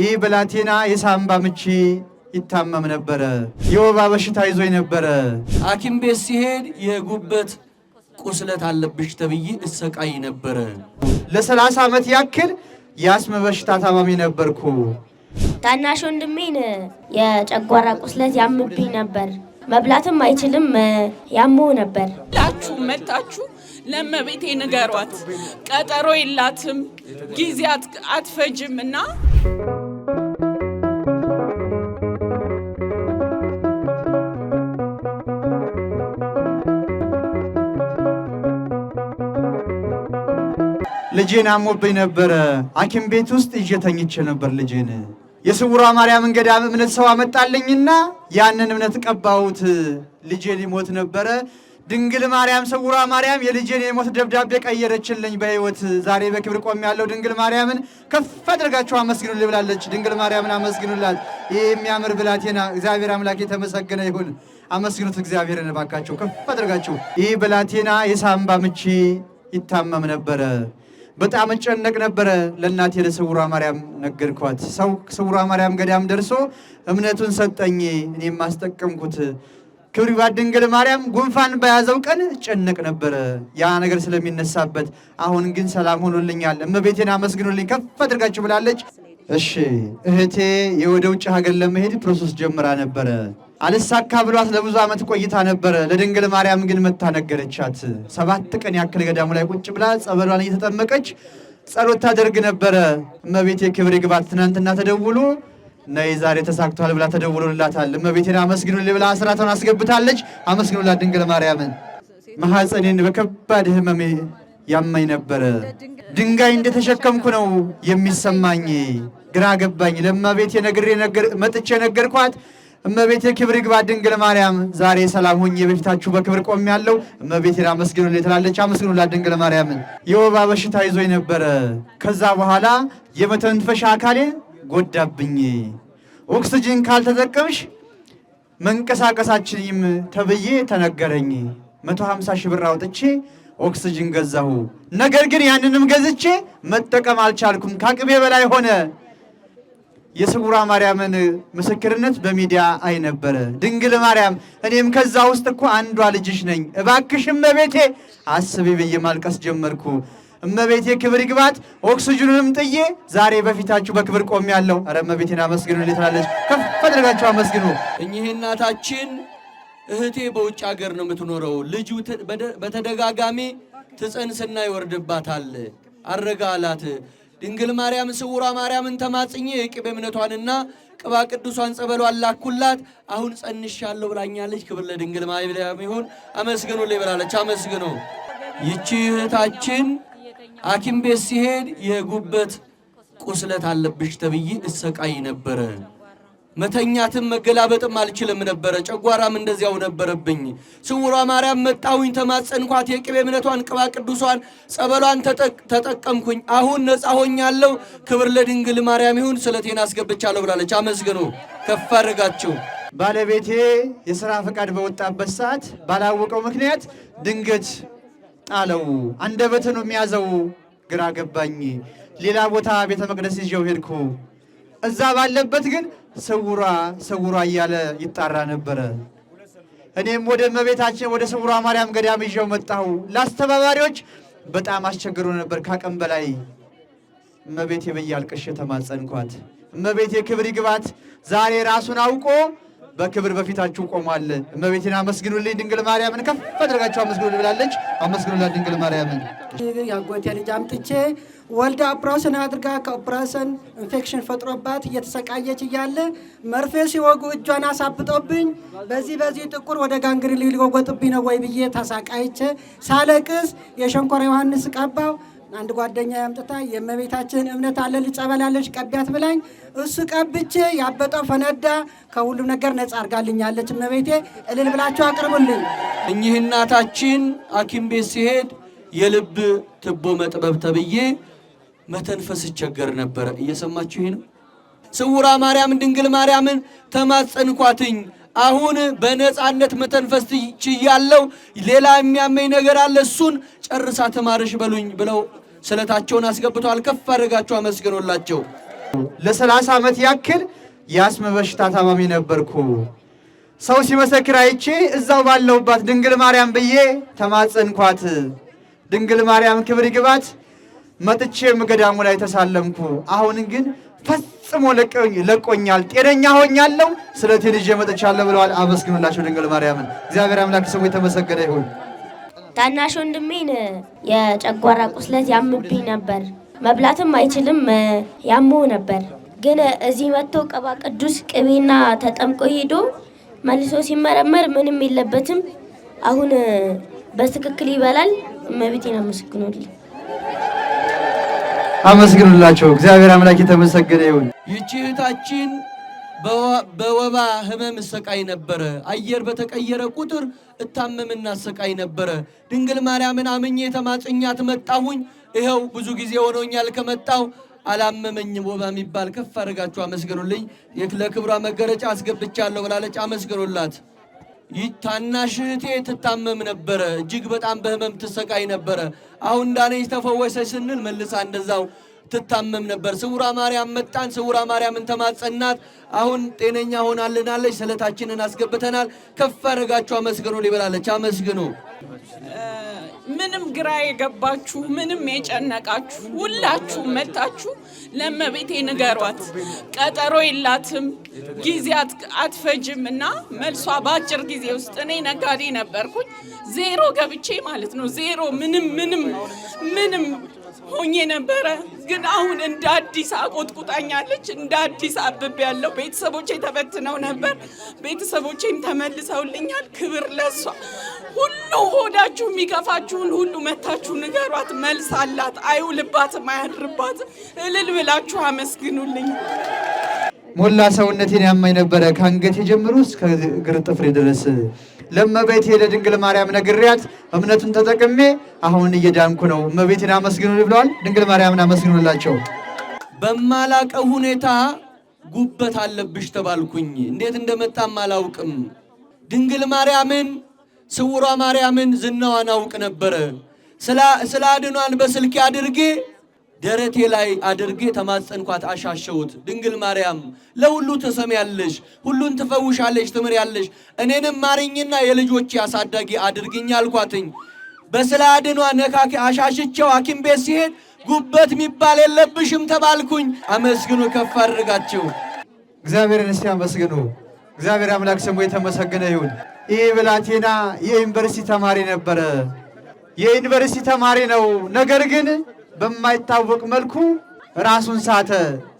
ይህ ብላቴና የሳምባ ምች ይታመም ነበረ። የወባ በሽታ ይዞኝ ነበረ። ሐኪም ቤት ሲሄድ የጉበት ቁስለት አለብሽ ተብዬ እሰቃይ ነበረ። ለሰላሳ ዓመት ያክል የአስም በሽታ ታማሚ ነበርኩ። ታናሽ ወንድሜን የጨጓራ ቁስለት ያምብኝ ነበር። መብላትም አይችልም ያሞ ነበር። ላችሁ መታችሁ ለመቤቴ ንገሯት። ቀጠሮ የላትም ጊዜ አትፈጅም እና ልጄን አሞብኝ ነበረ። ሐኪም ቤት ውስጥ እየተኝቼ ነበር ልጄን የስውሯ ማርያም ገዳም እምነት ሰው አመጣልኝና ያንን እምነት ቀባሁት። ልጄ ሊሞት ነበረ። ድንግል ማርያም ስውሯ ማርያም የልጄን የሞት ደብዳቤ ቀየረችልኝ በሕይወት ዛሬ በክብር ቆም ያለው ድንግል ማርያምን ከፍ አድርጋችሁ አመስግኑልኝ ብላለች። ድንግል ማርያምን አመስግኑላት። ይህ የሚያምር ብላቴና እግዚአብሔር አምላክ የተመሰገነ ይሁን። አመስግኑት እግዚአብሔርን እባካችሁ ከፍ አድርጋችሁ። ይህ ብላቴና የሳምባ ምች ይታመም ነበረ። በጣም እንጨነቅ ነበረ። ለእናቴ ለስውሯ ማርያም ነገርኳት። ሰው ስውሯ ማርያም ገዳም ደርሶ እምነቱን ሰጠኝ፣ እኔ አስጠቀምኩት። ክብሪ ባድንግል ማርያም ጉንፋን በያዘው ቀን እጨነቅ ነበረ ያ ነገር ስለሚነሳበት። አሁን ግን ሰላም ሆኖልኛል፣ እመቤቴን አመስግኑልኝ ከፍ አድርጋችሁ ብላለች። እሺ እህቴ የወደ ውጭ ሀገር ለመሄድ ፕሮሰስ ጀምራ ነበረ አልሳካ ብሏት ለብዙ ዓመት ቆይታ ነበረ። ለድንግል ማርያም ግን መታ ነገረቻት። ሰባት ቀን ያክል ገዳሙ ላይ ቁጭ ብላ ጸበሏን እየተጠመቀች ጸሎት ታደርግ ነበረ። እመቤቴ ክብር ይግባት፣ ትናንትና ተደውሎ ነይ ዛሬ ተሳክቷል ብላ ተደውሎላታል። እመቤቴን አመስግኑልኝ ብላ አስራቷን አስገብታለች። አመስግኑላት ድንግል ማርያምን። ማኅፀኔን በከባድ ህመሜ ያማኝ ነበረ። ድንጋይ እንደተሸከምኩ ነው የሚሰማኝ። ግራ ገባኝ። ለእመቤቴ ነግሬ መጥቼ ነገርኳት እመቤቴ ክብር ይግባ ድንግል ማርያም ዛሬ ሰላም ሆኜ በፊታችሁ በክብር ቆሜያለሁ። እመቤቴን አመስግኑልኝ ትላለች። አመስግኑላት ድንግል ማርያምን። የወባ በሽታ ይዞ የነበረ ከዛ በኋላ የመተንፈሻ አካሌ ጎዳብኝ። ኦክስጅን ካልተጠቀምሽ መንቀሳቀሳችንም ተብዬ ተነገረኝ። 150 ሺህ ብር አውጥቼ ኦክስጅን ገዛሁ። ነገር ግን ያንንም ገዝቼ መጠቀም አልቻልኩም። ከአቅሜ በላይ ሆነ። የስጉራ ማርያምን ምስክርነት በሚዲያ አይ ነበረ። ድንግል ማርያም እኔም ከዛ ውስጥ እኮ አንዷ ልጅሽ ነኝ፣ እባክሽ እመቤቴ አስቢ ብዬ ማልቀስ ጀመርኩ። እመቤቴ ክብር ይግባት። ኦክስጅኑንም ጥዬ ዛሬ በፊታችሁ በክብር ቆሜያለሁ። ኧረ እመቤቴን አመስግኑ። እንዴት ላለች ከፍ አድርጋችሁ አመስግኑ። እኚህ እናታችን እህቴ በውጭ ሀገር ነው የምትኖረው። ልጁ በተደጋጋሚ ትጽንስና ይወርድባታል። አረጋ አላት ድንግል ማርያም ስውሯ ማርያምን ተማጽኜ የቅቤ እምነቷንና ቅባ ቅዱሷን ጸበሏን ላኩላት። አሁን ጸንሻለሁ ብላኛለች። ክብር ለድንግል ማርያም ይሁን። አመስግኑ ብላለች። አመስግኑ። ይቺ እህታችን ሐኪም ቤት ሲሄድ የጉበት ቁስለት አለብሽ ተብዬ እሰቃይ ነበረ። መተኛትም መገላበጥም አልችልም ነበረ። ጨጓራም እንደዚያው ነበረብኝ። ስውሯ ማርያም መጣሁኝ፣ ተማጸንኳት። የቅቤ እምነቷን ቅባ ቅዱሷን ጸበሏን ተጠቀምኩኝ። አሁን ነጻ ሆኛለሁ። ክብር ለድንግል ማርያም ይሁን። ስለቴን አስገብቻለሁ ብላለች። አመስግኑ፣ ከፍ አድርጋችሁ። ባለቤቴ የሥራ ፈቃድ በወጣበት ሰዓት ባላወቀው ምክንያት ድንገት ጣለው። አንደበትን የሚያዘው ግራ ገባኝ። ሌላ ቦታ ቤተ መቅደስ ይዤው ሄድኩ። እዛ ባለበት ግን ስውሯ ስውሯ እያለ ይጣራ ነበረ። እኔም ወደ እመቤታችን ወደ ስውሯ ማርያም ገዳም ይዤው መጣሁ። ለአስተባባሪዎች በጣም አስቸግሮ ነበር ካቅም በላይ። እመቤቴ ብዬ ተማጸንኳት። እመቤቴ ክብር ይግባት ዛሬ ራሱን አውቆ በክብር በፊታችሁ ቆሟል። እመቤቴን አመስግኑልኝ፣ ድንግል ማርያምን ከፍ አድርጋችሁ አመስግኑልኝ ብላለች። አመስግኑላት ድንግል ማርያምን። ያጎቴ ልጅ አምጥቼ ወልዳ ኦፕራሽን አድርጋ ከኦፕራሽን ኢንፌክሽን ፈጥሮባት እየተሰቃየች እያለ መርፌ ሲወጉ እጇን አሳብጦብኝ በዚህ በዚህ ጥቁር ወደ ጋንግሪን ሊወጎጥብኝ ነው ወይ ብዬ ተሳቃይቼ ሳለቅስ የሸንኮራ ዮሐንስ ቀባው አንድ ጓደኛ ያምጥታ የእመቤታችን እምነት አለ ጸበላለሽ ቀቢያት ብላኝ እሱ ቀብቼ ያበጠው ፈነዳ። ከሁሉም ነገር ነጻ ያለች እመቤቴ። እልል ብላችሁ አቅርቡልኝ። እኚህ እናታችን ሐኪም ቤት ሲሄድ የልብ ትቦ መጥበብ ተብዬ መተንፈስ ይቸገር ነበረ። እየሰማችሁ ይህ ነው። ስውራ ማርያምን ድንግል ማርያምን ተማጸንኳትኝ አሁን በነፃነት መተንፈስ ትችያለው። ሌላ የሚያመኝ ነገር አለ፣ እሱን ጨርሳ ትማርሽ በሉኝ ብለው ስለታቸውን አስገብቷል። ከፍ አድርጋቸው አመስግኖላቸው። ለሰላሳ ዓመት ያክል የአስም በሽታ ታማሚ ነበርኩ። ሰው ሲመሰክር አይቼ እዛው ባለሁባት ድንግል ማርያም ብዬ ተማጸንኳት። ድንግል ማርያም ክብር ይግባት። መጥቼም ገዳሙ ላይ ተሳለምኩ። አሁን ግን ፈጽሞ ለቆኛል፣ ጤነኛ ሆኛለሁ። ስለቴ ልጄ መጥቻለሁ ብለዋል። አመስግኑላቸው ድንግል ማርያምን። እግዚአብሔር አምላክ ስሙ የተመሰገነ ይሁን። ታናሽ ወንድሜን የጨጓራ ቁስለት ያምብኝ ነበር። መብላትም አይችልም ያመው ነበር። ግን እዚህ መጥቶ ቅባ ቅዱስ ቅቤና ተጠምቆ ሄዶ መልሶ ሲመረመር ምንም የለበትም። አሁን በትክክል ይበላል። እመቤቴን አመስግኑልኝ። አመስግኑላቸው። እግዚአብሔር አምላክ የተመሰገነ ይሁን። ይቺ እህታችን በወባ ህመም ሰቃይ ነበረ። አየር በተቀየረ ቁጥር እታመምና ሰቃይ ነበረ። ድንግል ማርያምን አምኜ የተማጽኛት መጣሁኝ። ይኸው ብዙ ጊዜ ሆኖኛል ከመጣው አላመመኝም። ወባ የሚባል ከፍ አድርጋችሁ አመስግኑልኝ። ለክብሯ መገረጫ አስገብቻለሁ ብላለች። አመስግኑላት። ታናሽ እህቴ ትታመም ነበረ። እጅግ በጣም በህመም ትሰቃይ ነበረ። አሁን ዳነች፣ ተፈወሰች ስንል መልሳ እንደዛው ትታመም ነበር። ስውራ ማርያም መጣን። ስውራ ማርያምን ተማጸናት። አሁን ጤነኛ ሆናልናለች። ስለታችንን አስገብተናል። ከፍ አድርጋችሁ አመስግኑ ሊበላለች። አመስግኑ ምንም ግራ የገባችሁ ምንም የጨነቃችሁ ሁላችሁ መታችሁ ለመቤቴ ንገሯት። ቀጠሮ የላትም ጊዜ አትፈጅም እና መልሷ በአጭር ጊዜ ውስጥ እኔ ነጋዴ ነበርኩኝ። ዜሮ ገብቼ ማለት ነው ዜሮ ምንም ምንም ምንም ሆኜ ነበረ። ግን አሁን እንደ አዲስ አቆጥቁጣኛለች። እንደ አዲስ አብብ ያለው ቤተሰቦቼ ተበትነው ነበር። ቤተሰቦቼም ተመልሰውልኛል። ክብር ለሷ። ሁሉ ሆዳችሁ የሚከፋችሁን ሁሉ መታችሁ ንገሯት። መልስ አላት። አይውልባትም፣ አያድርባትም። እልል ብላችሁ አመስግኑልኝ። ሞላ ሰውነቴን ያማኝ ነበረ ከአንገቴ ጀምሮ እስከ እግር ጥፍሬ ድረስ ለመቤቴ ለድንግል ማርያም ነግሬያት እምነቱን ተጠቅሜ አሁን እየዳንኩ ነው። እመቤቴን አመስግኑ ብለዋል። ድንግል ማርያምን አመስግኑላቸው። በማላቀው ሁኔታ ጉበት አለብሽ ተባልኩኝ። እንዴት እንደመጣም አላውቅም። ድንግል ማርያምን ስውሯ ማርያምን ዝናዋን አውቅ ነበረ። ስለ አድኗን በስልኬ አድርጌ ደረቴ ላይ አድርጌ ተማጸንኳት፣ አሻሸውት። ድንግል ማርያም ለሁሉ ትሰሚያለሽ፣ ሁሉን ትፈውሻለሽ፣ ትምሪያለሽ። እኔንም ማርኝና የልጆቼ አሳዳጊ አድርግኝ አልኳትኝ። በስለ አድኗ ነካኪ አሻሽቸው ሐኪም ቤት ሲሄድ ጉበት የሚባል የለብሽም ተባልኩኝ። አመስግኑ፣ ከፍ አድርጋችሁ እግዚአብሔርን እስቲ አመስግኑ። እግዚአብሔር አምላክ ስሙ የተመሰገነ ይሁን። ይህ ብላቴና የዩኒቨርሲቲ ተማሪ ነበረ። የዩኒቨርሲቲ ተማሪ ነው። ነገር ግን በማይታወቅ መልኩ ራሱን ሳተ፣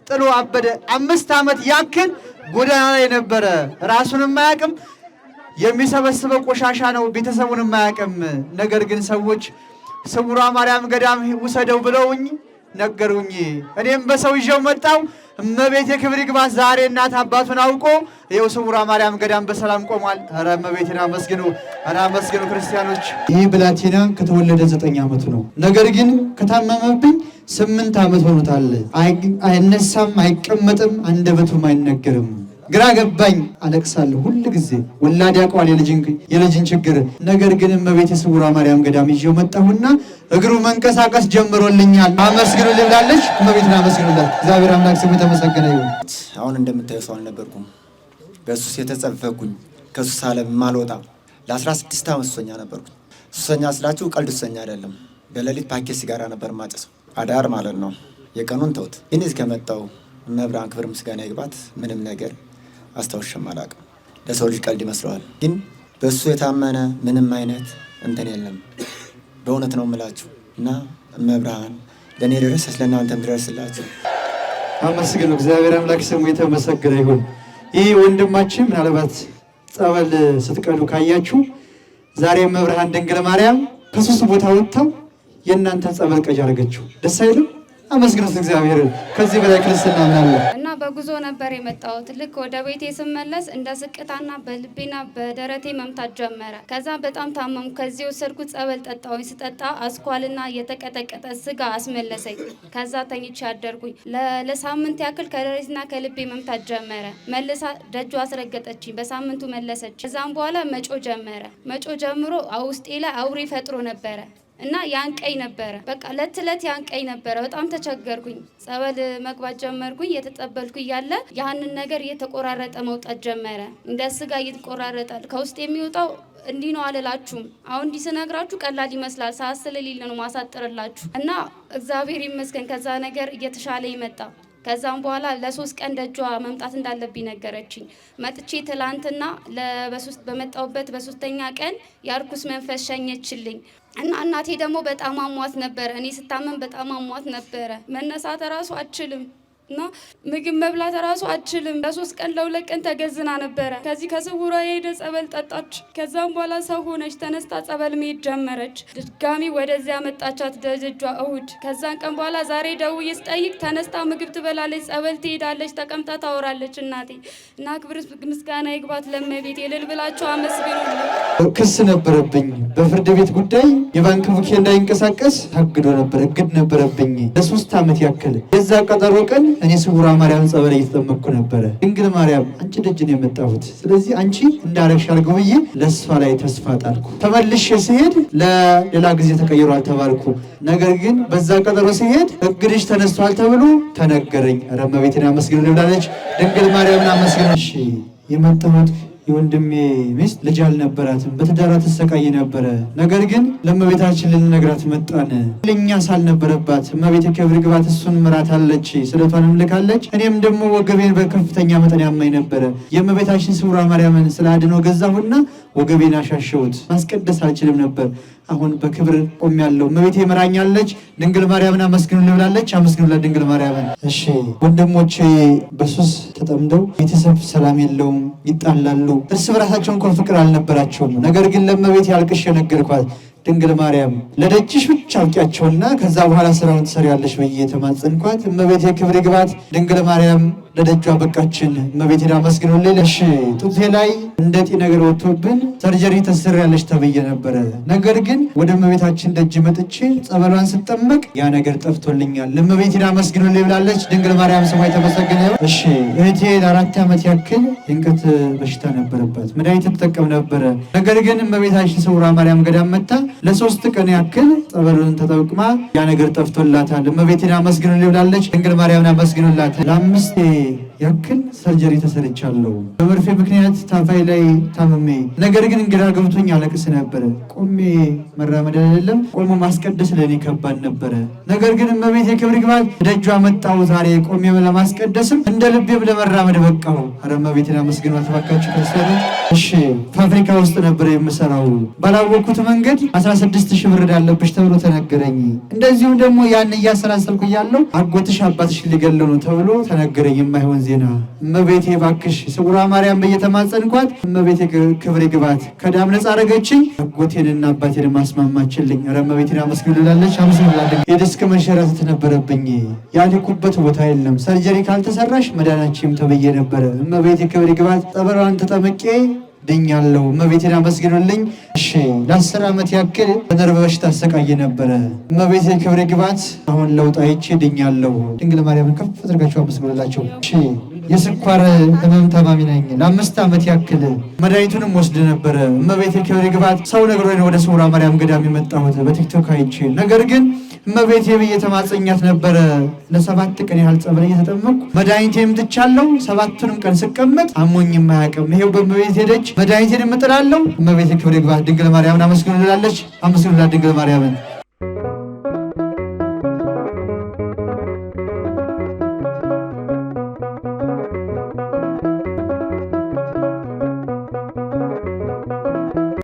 ጥሎ አበደ። አምስት ዓመት ያክል ጎዳና ላይ ነበረ። ራሱን የማያቅም የሚሰበስበው ቆሻሻ ነው። ቤተሰቡን የማያቅም ነገር ግን ሰዎች ስውሯ ማርያም ገዳም ውሰደው ብለውኝ ነገሩኝ። እኔም በሰው ይዤው መጣው። እመቤት የክብር ይግባት። ዛሬ እናት አባቱን አውቆ ይኸው ስውሯ ማርያም ገዳም በሰላም ቆሟል። ኧረ እመቤቴን አመስግኑ፣ ኧረ አመስግኑ ክርስቲያኖች። ይህ ብላቴና ከተወለደ ዘጠኝ ዓመቱ ነው። ነገር ግን ከታመመብኝ ስምንት ዓመት ሆኖታል። አይነሳም፣ አይቀመጥም፣ አንደበቱም አይነገርም። ግራ ገባኝ። አለቅሳለሁ ሁል ጊዜ ወላድ ያውቀዋል የልጅን ችግር። ነገር ግን እመቤት ስውሯ ማርያም ገዳም ይዤው መጣሁና እግሩ መንቀሳቀስ ጀምሮልኛል። አመስግኑ ልብላለች። እመቤትን አመስግኑላት። እግዚአብሔር አምላክ ስሙ የተመሰገነ ይሁን። አሁን እንደምታዩ ሰው አልነበርኩም። በሱስ የተጸፈኩኝ ከሱስ ዓለም ማልወጣ ለ16 ዓመት ሱሰኛ ነበርኩኝ። ሱሰኛ ስላችሁ ቀልድ ሱሰኛ አይደለም። በሌሊት ፓኬት ሲጋራ ነበር ማጨሰው አዳር ማለት ነው። የቀኑን ተውት። እኔ ከመጣው መብራን ክብር ምስጋና ይግባት ምንም ነገር አስታውሼም አላውቅም። ለሰው ልጅ ቀልድ ይመስለዋል፣ ግን በእሱ የታመነ ምንም አይነት እንትን የለም። በእውነት ነው የምላችሁ እና መብርሃን ለእኔ ድረስ ለእናንተም ድረስላችሁ። አመስግኑ። እግዚአብሔር አምላክ ስሙ የተመሰገነ ይሁን። ይህ ወንድማችን ምናልባት ጸበል ስትቀዱ ካያችሁ ዛሬ መብርሃን ድንግል ማርያም ከሶስት ቦታ ወጥተው የእናንተ ጸበል ቀጅ አደረገችው። ደስ አይልም? አመስግኑት እግዚአብሔር። ከዚህ በላይ ክርስትና አለ? እና በጉዞ ነበር የመጣሁት። ልክ ወደ ቤቴ ስመለስ እንደ ስቅታና በልቤና በደረቴ መምታት ጀመረ። ከዛ በጣም ታመሙ። ከዚህ ወሰድኩት ጸበል ጠጣሁኝ። ስጠጣ አስኳልና የተቀጠቀጠ ስጋ አስመለሰኝ። ከዛ ተኝቼ አደርጉኝ። ለሳምንት ያክል ከደረቴና ከልቤ መምታት ጀመረ። መልሳ ደጁ አስረገጠችኝ። በሳምንቱ መለሰች። ከዛም በኋላ መጮ ጀመረ። መጮ ጀምሮ ውስጤ ላይ አውሬ ፈጥሮ ነበረ። እና ያንቀኝ ነበረ። በቃ ለት ለት ያንቀኝ ነበረ። በጣም ተቸገርኩኝ። ጸበል መግባት ጀመርኩኝ። የተጠበልኩ እያለ ያንን ነገር እየተቆራረጠ መውጣት ጀመረ። እንደ ስጋ እየተቆራረጣል ከውስጥ የሚወጣው እንዲህ ነው አልላችሁም። አሁን እንዲህ ስነግራችሁ ቀላል ይመስላል። ሳስል ነው ማሳጥርላችሁ እና እግዚአብሔር ይመስገን ከዛ ነገር እየተሻለ ይመጣ ከዛም በኋላ ለሶስት ቀን ደጇ መምጣት እንዳለብኝ ነገረችኝ። መጥቼ ትላንትና በመጣውበት በሶስተኛ ቀን የአርኩስ መንፈስ ሸኘችልኝ እና እናቴ ደግሞ በጣም አሟት ነበረ። እኔ ስታመን በጣም አሟት ነበረ። መነሳት እራሱ አችልም እና ምግብ መብላት ራሱ አትችልም። ለሶስት ቀን ለሁለት ቀን ተገዝና ነበረ። ከዚህ ከስውሯ የሄደ ጸበል ጠጣች። ከዛም በኋላ ሰው ሆነች። ተነስታ ጸበል መሄድ ጀመረች። ድጋሚ ወደዚያ መጣቻት ደጅጇ እሁድ። ከዛን ቀን በኋላ ዛሬ ደውዬ ስጠይቅ ተነስታ ምግብ ትበላለች፣ ጸበል ትሄዳለች፣ ተቀምጣ ታወራለች። እናቴ እና ክብር ምስጋና ይግባት ለመቤት የልል ብላቸው አመስግኑ። ክስ ነበረብኝ በፍርድ ቤት ጉዳይ የባንክ ቡኬ እንዳይንቀሳቀስ ታግዶ ነበር። እግድ ነበረብኝ ለሶስት ዓመት ያክል የዛ ቀጠሮ ቀን እኔ ስውሯ ማርያም ጸበል እየተጠመቅኩ ነበረ። ድንግል ማርያም አንቺ ደጅ ነው የመጣሁት፣ ስለዚህ አንቺ እንዳረግሽ አድርገው ብዬ ለእሷ ላይ ተስፋ ጣልኩ። ተመልሼ ስሄድ ለሌላ ጊዜ ተቀይሯል ተባልኩ። ነገር ግን በዛ ቀጠሮ ስሄድ እግድሽ ተነስቷል ተብሎ ተነገረኝ። ረመቤትን አመስግን ልብላለች ድንግል ማርያምን አመስግን። እሺ የመጣሁት የወንድሜ ሚስት ልጅ አልነበራትም፣ በትዳራ ትሰቃይ ነበረ። ነገር ግን ለእመቤታችን ልንነግራት መጣን። ልኛ ሳልነበረባት እመቤት ክብር ግባት እሱን ምራት አለች፣ ስለቷንም ልካለች። እኔም ደግሞ ወገቤን በከፍተኛ መጠን ያማኝ ነበረ። የእመቤታችን ስውራ ማርያምን ስለ አድኖ ገዛሁና ወገቤን አሻሸሁት። ማስቀደስ አልችልም ነበር። አሁን በክብር ቆም ያለው እመቤቴ ምራኛለች ድንግል ማርያምን አመስግኑ ልብላለች። አመስግኑላ ድንግል ማርያምን። እሺ ወንድሞቼ በሱስ ተጠምደው ቤተሰብ ሰላም የለውም፣ ይጣላሉ እርስ በራሳቸው እንኳን ፍቅር አልነበራቸውም። ነገር ግን ለእመቤት ያልቅሽ የነገርኳት ድንግል ማርያም ለደጅሽ ብቻ አውቂያቸውና ከዛ በኋላ ስራውን ትሰሪያለሽ ብዬ ተማጸንኳት። እመቤት የክብር ግባት ድንግል ማርያም ለደጇ በቃችን። እመቤቴን አመስግኑልኝ። ለሽ ጡቴ ላይ እንደ ነገር ወጥቶብን ሰርጀሪ ተሰርያለሽ ተብዬ ነበረ። ነገር ግን ወደ እመቤታችን ደጅ መጥቼ ጸበሏን ስጠመቅ ያ ነገር ጠፍቶልኛል። እመቤቴን አመስግኑልኝ ብላለች። ድንግል ማርያም ስሟ የተመሰገነ። እሺ እህቴ ለአራት ዓመት ያክል ድንቀት በሽታ ነበረባት። መድኃኒት ትጠቀም ነበረ። ነገር ግን እመቤታችን ስውራ ማርያም ገዳም መታ ለሶስት ቀን ያክል ጸበሉን ተጠቅማ ያ ነገር ጠፍቶላታል። እመቤቴን አመስግኑልኝ ብላለች። ድንግል ማርያምን አመስግኑላት ለአምስቴ me ያክል ሰርጀሪ ተሰርቻለሁ። በመርፌ ምክንያት ታፋይ ላይ ታምሜ፣ ነገር ግን እንግዳ ገብቶኝ አለቅስ ነበረ። ቆሜ መራመድ አይደለም ቆሞ ማስቀደስ ለእኔ ከባድ ነበረ። ነገር ግን እመቤት የክብር ግባት ደጇ መጣው ዛሬ ቆሜም ለማስቀደስም እንደ ልቤም ለመራመድ በቃሁ። ኧረ እመቤቴን አመስግኗት እባካችሁ ክርስቲያኑ። እሺ ፋብሪካ ውስጥ ነበረ የምሰራው። ባላወቅኩት መንገድ 16 ሺህ ብር እዳለብሽ ተብሎ ተነገረኝ። እንደዚሁም ደግሞ ያን እያሰላሰልኩ እያለሁ አጎትሽ አባትሽ ሊገለኑ ተብሎ ተነገረኝ የማይሆን ዜና እመቤቴ ባክሽ ስውሯ ማርያም እየተማጸንኳት እመቤቴ ክብሬ ግባት ከዳም ነጻ አረገችኝ አጎቴንና አባቴን ማስማማችልኝ። ኧረ እመቤቴን አመስግንላለች አመስግንላለች። የዲስክ መንሸራተት ነበረብኝ ያልኩበት ቦታ የለም ሰርጀሪ ካልተሰራሽ መዳናችም ተብዬ ነበረ። እመቤቴ ክብሬ ግባት ጸበሏን ተጠምቄ ድኛለሁ። እመቤቴን አመስግኑልኝ። እሺ ለአስር ዓመት ያክል በነርቭ በሽታ አሰቃየ ነበረ። እመቤቴ ክብር ግባት። አሁን ለውጥ አይቼ ድኛለሁ። ድንግል ማርያምን ከፍ አድርጋቸው አመስግኑላቸው። እሺ የስኳር ህመም ታማሚ ነኝ። ለአምስት ዓመት ያክል መድኃኒቱንም ወስድ ነበረ። እመቤቴ ክብር ግባት። ሰው ነግሮኝ ወደ ስውራ ማርያም ገዳም የመጣሁት በቲክቶክ አይቼ ነገር ግን እመቤቴ ብዬ ተማጸኛት ነበረ። ለሰባት ቀን ያህል ጸበል እየተጠመቅኩ መድኃኒቴን ምጥቻለሁ። ሰባቱንም ቀን ስቀመጥ አሞኝም አያውቅም። ይሄው በእመቤቴ ሄደች መድኃኒቴን እምጥላለሁ። እመቤቴ ክብር ይግባት። ድንግል ማርያምን አመስግኑላለች። አመስግኑላት ድንግል ማርያምን